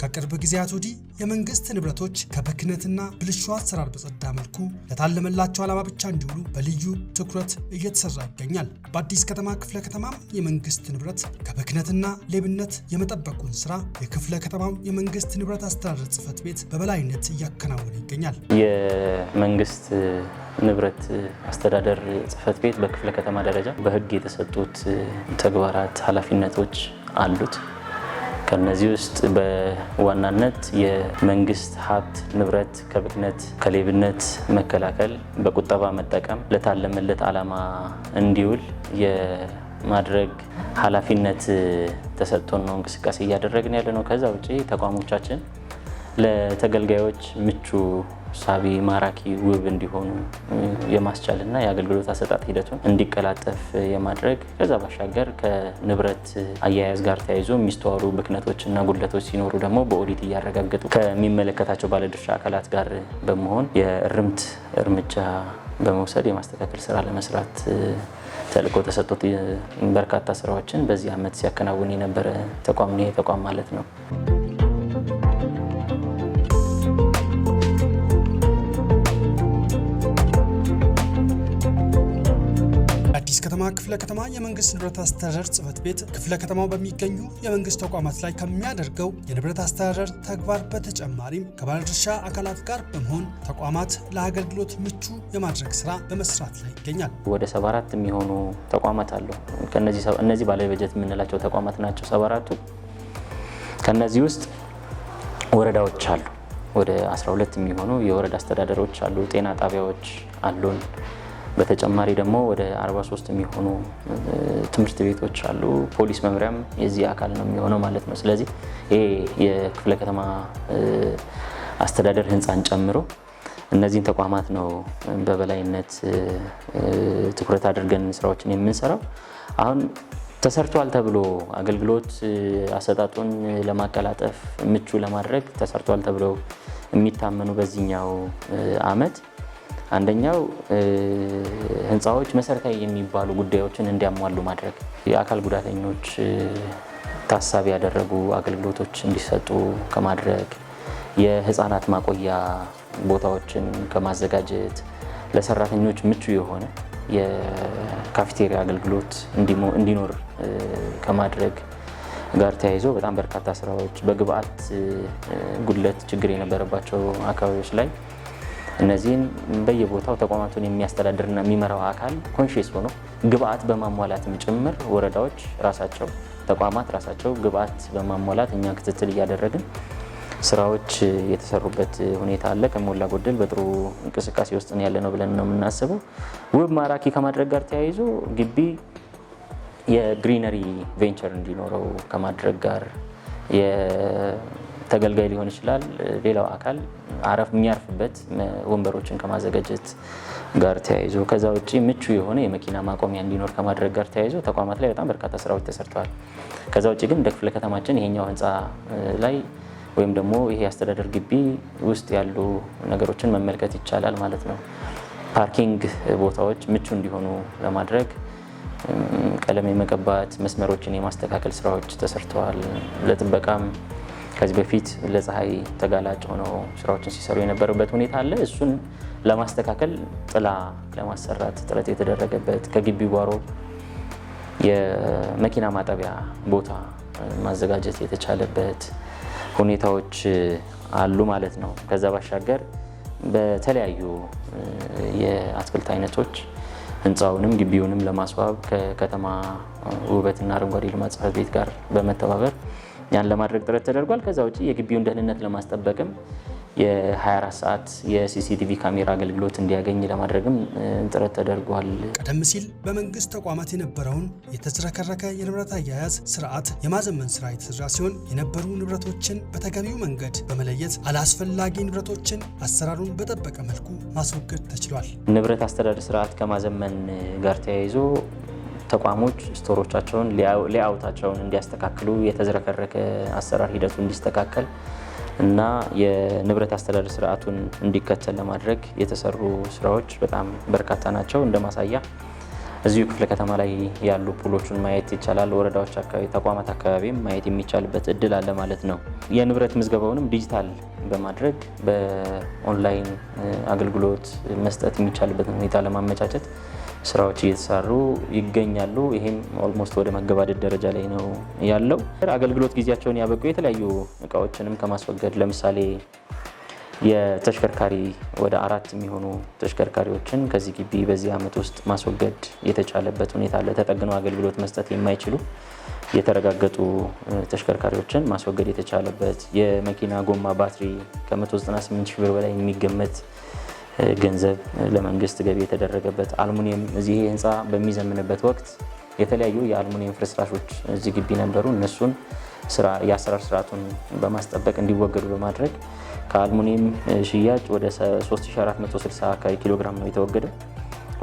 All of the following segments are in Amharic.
ከቅርብ ጊዜያት ወዲህ የመንግስት ንብረቶች ከብክነትና ብልሹ አሰራር በጸዳ መልኩ ለታለመላቸው ዓላማ ብቻ እንዲውሉ በልዩ ትኩረት እየተሰራ ይገኛል። በአዲስ ከተማ ክፍለ ከተማም የመንግስት ንብረት ከብክነትና ሌብነት የመጠበቁን ስራ የክፍለ ከተማው የመንግስት ንብረት አስተዳደር ጽህፈት ቤት በበላይነት እያከናወነ ይገኛል። የመንግስት ንብረት አስተዳደር ጽፈት ቤት በክፍለ ከተማ ደረጃ በህግ የተሰጡት ተግባራት ኃላፊነቶች አሉት። ከነዚህ ውስጥ በዋናነት የመንግስት ሀብት ንብረት ከብክነት፣ ከሌብነት መከላከል፣ በቁጠባ መጠቀም ለታለመለት ዓላማ እንዲውል የማድረግ ኃላፊነት ተሰጥቶን ነው እንቅስቃሴ እያደረግን ያለ ነው። ከዛ ውጭ ተቋሞቻችን ለተገልጋዮች ምቹ፣ ሳቢ፣ ማራኪ፣ ውብ እንዲሆኑ የማስቻልና የአገልግሎት አሰጣጥ ሂደቱን እንዲቀላጠፍ የማድረግ ከዛ ባሻገር ከንብረት አያያዝ ጋር ተያይዞ የሚስተዋሉ ብክነቶችና ጉድለቶች ሲኖሩ ደግሞ በኦዲት እያረጋገጡ ከሚመለከታቸው ባለድርሻ አካላት ጋር በመሆን የእርምት እርምጃ በመውሰድ የማስተካከል ስራ ለመስራት ተልእኮ ተሰጥቶት በርካታ ስራዎችን በዚህ ዓመት ሲያከናውን የነበረ ተቋም ነው ተቋም ማለት ነው። የአዲስ ከተማ ክፍለ ከተማ የመንግስት ንብረት አስተዳደር ጽህፈት ቤት ክፍለ ከተማው በሚገኙ የመንግስት ተቋማት ላይ ከሚያደርገው የንብረት አስተዳደር ተግባር በተጨማሪም ከባለድርሻ አካላት ጋር በመሆን ተቋማት ለአገልግሎት ምቹ የማድረግ ስራ በመስራት ላይ ይገኛል። ወደ 74 የሚሆኑ ተቋማት አሉ። እነዚህ ባለ በጀት የምንላቸው ተቋማት ናቸው 74ቱ። ከነዚህ ውስጥ ወረዳዎች አሉ። ወደ 12 የሚሆኑ የወረዳ አስተዳደሮች አሉ። ጤና ጣቢያዎች አሉን። በተጨማሪ ደግሞ ወደ 43 የሚሆኑ ትምህርት ቤቶች አሉ። ፖሊስ መምሪያም የዚህ አካል ነው የሚሆነው ማለት ነው። ስለዚህ ይሄ የክፍለ ከተማ አስተዳደር ህንፃን ጨምሮ እነዚህን ተቋማት ነው በበላይነት ትኩረት አድርገን ስራዎችን የምንሰራው። አሁን ተሰርቷል ተብሎ አገልግሎት አሰጣጡን ለማቀላጠፍ ምቹ ለማድረግ ተሰርቷል ተብሎ የሚታመኑ በዚህኛው አመት አንደኛው ህንፃዎች መሰረታዊ የሚባሉ ጉዳዮችን እንዲያሟሉ ማድረግ፣ የአካል ጉዳተኞች ታሳቢ ያደረጉ አገልግሎቶች እንዲሰጡ ከማድረግ፣ የህፃናት ማቆያ ቦታዎችን ከማዘጋጀት፣ ለሰራተኞች ምቹ የሆነ የካፍቴሪያ አገልግሎት እንዲኖር ከማድረግ ጋር ተያይዞ በጣም በርካታ ስራዎች በግብአት ጉድለት ችግር የነበረባቸው አካባቢዎች ላይ እነዚህን በየቦታው ተቋማቱን የሚያስተዳድርና የሚመራው አካል ኮንሽስ ሆኖ ግብአት በማሟላትም ጭምር ወረዳዎች ራሳቸው ተቋማት ራሳቸው ግብአት በማሟላት እኛ ክትትል እያደረግን ስራዎች የተሰሩበት ሁኔታ አለ። ከሞላ ጎደል በጥሩ እንቅስቃሴ ውስጥ ያለ ነው ብለን ነው የምናስበው። ውብ ማራኪ ከማድረግ ጋር ተያይዞ ግቢ የግሪነሪ ቬንቸር እንዲኖረው ከማድረግ ጋር ተገልጋይ ሊሆን ይችላል፣ ሌላው አካል አረፍ የሚያርፍበት ወንበሮችን ከማዘጋጀት ጋር ተያይዞ ከዛ ውጭ ምቹ የሆነ የመኪና ማቆሚያ እንዲኖር ከማድረግ ጋር ተያይዞ ተቋማት ላይ በጣም በርካታ ስራዎች ተሰርተዋል። ከዛ ውጭ ግን እንደ ክፍለ ከተማችን ይሄኛው ህንፃ ላይ ወይም ደግሞ ይሄ አስተዳደር ግቢ ውስጥ ያሉ ነገሮችን መመልከት ይቻላል ማለት ነው። ፓርኪንግ ቦታዎች ምቹ እንዲሆኑ ለማድረግ ቀለም የመቀባት መስመሮችን የማስተካከል ስራዎች ተሰርተዋል። ለጥበቃም ከዚህ በፊት ለፀሐይ ተጋላጭ ሆነው ስራዎችን ሲሰሩ የነበረበት ሁኔታ አለ። እሱን ለማስተካከል ጥላ ለማሰራት ጥረት የተደረገበት ከግቢ ጓሮ የመኪና ማጠቢያ ቦታ ማዘጋጀት የተቻለበት ሁኔታዎች አሉ ማለት ነው። ከዛ ባሻገር በተለያዩ የአትክልት አይነቶች ህንፃውንም ግቢውንም ለማስዋብ ከከተማ ውበትና አረንጓዴ ልማት ጽሕፈት ቤት ጋር በመተባበር ያን ለማድረግ ጥረት ተደርጓል። ከዛ ውጭ የግቢውን ደህንነት ለማስጠበቅም የ24 ሰዓት የሲሲቲቪ ካሜራ አገልግሎት እንዲያገኝ ለማድረግም ጥረት ተደርጓል። ቀደም ሲል በመንግስት ተቋማት የነበረውን የተዝረከረከ የንብረት አያያዝ ስርዓት የማዘመን ስራ የተሰራ ሲሆን የነበሩ ንብረቶችን በተገቢው መንገድ በመለየት አላስፈላጊ ንብረቶችን አሰራሩን በጠበቀ መልኩ ማስወገድ ተችሏል። ንብረት አስተዳደር ስርዓት ከማዘመን ጋር ተያይዞ ተቋሞች ስቶሮቻቸውን ሌአውታቸውን እንዲያስተካክሉ የተዝረከረከ አሰራር ሂደቱ እንዲስተካከል እና የንብረት አስተዳደር ስርዓቱን እንዲከተል ለማድረግ የተሰሩ ስራዎች በጣም በርካታ ናቸው። እንደ ማሳያ እዚሁ ክፍለ ከተማ ላይ ያሉ ፑሎቹን ማየት ይቻላል። ወረዳዎች አካባቢ፣ ተቋማት አካባቢም ማየት የሚቻልበት እድል አለ ማለት ነው። የንብረት ምዝገባውንም ዲጂታል በማድረግ በኦንላይን አገልግሎት መስጠት የሚቻልበትን ሁኔታ ለማመቻቸት ስራዎች እየተሰሩ ይገኛሉ። ይሄም ኦልሞስት ወደ መገባደድ ደረጃ ላይ ነው ያለው። አገልግሎት ጊዜያቸውን ያበቁ የተለያዩ እቃዎችንም ከማስወገድ ለምሳሌ የተሽከርካሪ ወደ አራት የሚሆኑ ተሽከርካሪዎችን ከዚህ ግቢ በዚህ ዓመት ውስጥ ማስወገድ የተቻለበት ሁኔታ አለ። ተጠግኖ አገልግሎት መስጠት የማይችሉ የተረጋገጡ ተሽከርካሪዎችን ማስወገድ የተቻለበት የመኪና ጎማ ባትሪ ከ198 ሺህ ብር በላይ የሚገመት ገንዘብ ለመንግስት ገቢ የተደረገበት አልሙኒየም እዚህ ህንፃ በሚዘምንበት ወቅት የተለያዩ የአልሙኒየም ፍርስራሾች እዚህ ግቢ ነበሩ። እነሱን የአሰራር ስርዓቱን በማስጠበቅ እንዲወገዱ በማድረግ ከአልሙኒየም ሽያጭ ወደ 3460 ኪሎግራም ኪሎ ግራም ነው የተወገደው።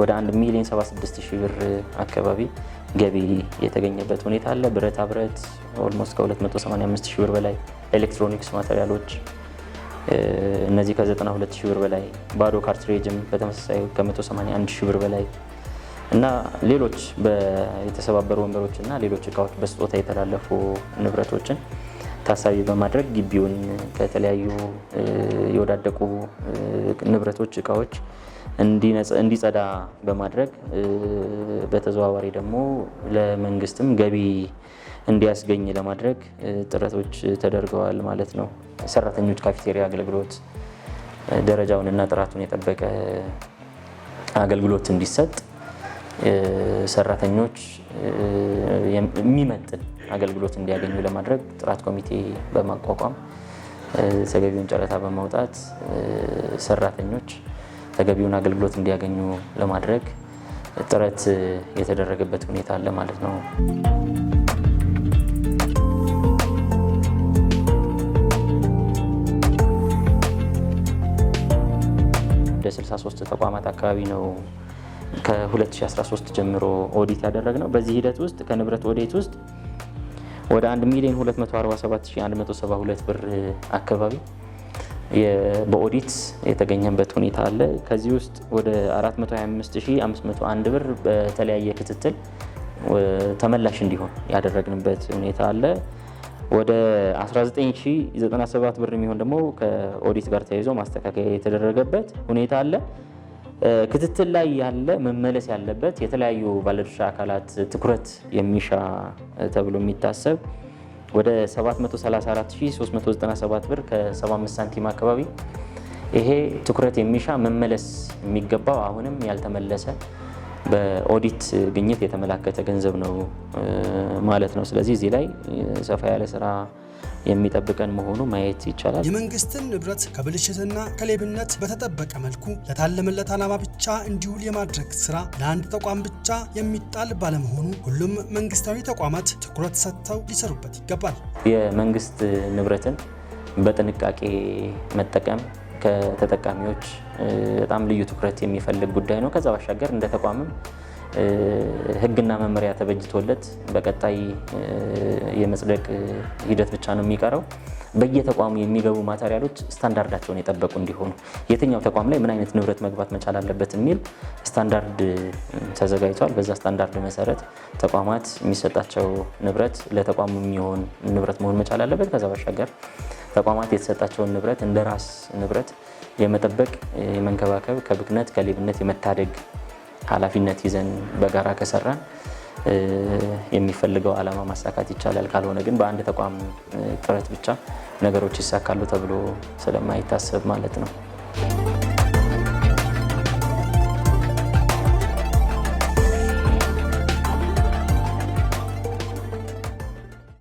ወደ 1 ሚሊዮን 76 ሺህ ብር አካባቢ ገቢ የተገኘበት ሁኔታ አለ። ብረታ ብረት ኦልሞስት ከ285 ሺህ ብር በላይ ኤሌክትሮኒክስ ማቴሪያሎች እነዚህ ከ92 ሺህ ብር በላይ ባዶ ካርትሬጅም በተመሳሳይ ከ181 ሺህ ብር በላይ እና ሌሎች የተሰባበሩ ወንበሮች እና ሌሎች እቃዎች በስጦታ የተላለፉ ንብረቶችን ታሳቢ በማድረግ ግቢውን ከተለያዩ የወዳደቁ ንብረቶች፣ እቃዎች እንዲጸዳ በማድረግ በተዘዋዋሪ ደግሞ ለመንግስትም ገቢ እንዲያስገኝ ለማድረግ ጥረቶች ተደርገዋል ማለት ነው። ሰራተኞች ካፊቴሪያ አገልግሎት ደረጃውን እና ጥራቱን የጠበቀ አገልግሎት እንዲሰጥ ሰራተኞች የሚመጥን አገልግሎት እንዲያገኙ ለማድረግ ጥራት ኮሚቴ በማቋቋም ተገቢውን ጨረታ በማውጣት ሰራተኞች ተገቢውን አገልግሎት እንዲያገኙ ለማድረግ ጥረት የተደረገበት ሁኔታ አለ ማለት ነው። ወደ 63 ተቋማት አካባቢ ነው ከ2013 ጀምሮ ኦዲት ያደረግነው። በዚህ ሂደት ውስጥ ከንብረት ኦዲት ውስጥ ወደ 1 ሚሊዮን 247172 ብር አካባቢ በኦዲት የተገኘበት ሁኔታ አለ። ከዚህ ውስጥ ወደ 425501 ብር በተለያየ ክትትል ተመላሽ እንዲሆን ያደረግንበት ሁኔታ አለ። ወደ 19097 ብር የሚሆን ደግሞ ከኦዲት ጋር ተያይዞ ማስተካከያ የተደረገበት ሁኔታ አለ። ክትትል ላይ ያለ መመለስ ያለበት የተለያዩ ባለድርሻ አካላት ትኩረት የሚሻ ተብሎ የሚታሰብ ወደ 734397 ብር ከ75 ሳንቲም አካባቢ ይሄ ትኩረት የሚሻ መመለስ የሚገባው አሁንም ያልተመለሰ በኦዲት ግኝት የተመላከተ ገንዘብ ነው ማለት ነው። ስለዚህ እዚህ ላይ ሰፋ ያለ ስራ የሚጠብቀን መሆኑ ማየት ይቻላል። የመንግስትን ንብረት ከብልሽትና ከሌብነት በተጠበቀ መልኩ ለታለመለት ዓላማ ብቻ እንዲውል የማድረግ ስራ ለአንድ ተቋም ብቻ የሚጣል ባለመሆኑ ሁሉም መንግስታዊ ተቋማት ትኩረት ሰጥተው ሊሰሩበት ይገባል። የመንግስት ንብረትን በጥንቃቄ መጠቀም ከተጠቃሚዎች በጣም ልዩ ትኩረት የሚፈልግ ጉዳይ ነው። ከዛ ባሻገር እንደ ተቋምም ህግና መመሪያ ተበጅቶለት በቀጣይ የመጽደቅ ሂደት ብቻ ነው የሚቀረው። በየተቋሙ የሚገቡ ማቴሪያሎች ስታንዳርዳቸውን የጠበቁ እንዲሆኑ የትኛው ተቋም ላይ ምን አይነት ንብረት መግባት መቻል አለበት የሚል ስታንዳርድ ተዘጋጅቷል። በዛ ስታንዳርድ መሰረት ተቋማት የሚሰጣቸው ንብረት ለተቋሙ የሚሆን ንብረት መሆን መቻል አለበት። ከዛ ባሻገር ተቋማት የተሰጣቸውን ንብረት እንደ ራስ ንብረት የመጠበቅ የመንከባከብ፣ ከብክነት ከሌብነት የመታደግ ኃላፊነት ይዘን በጋራ ከሰራን የሚፈልገው ዓላማ ማሳካት ይቻላል። ካልሆነ ግን በአንድ ተቋም ጥረት ብቻ ነገሮች ይሳካሉ ተብሎ ስለማይታሰብ ማለት ነው።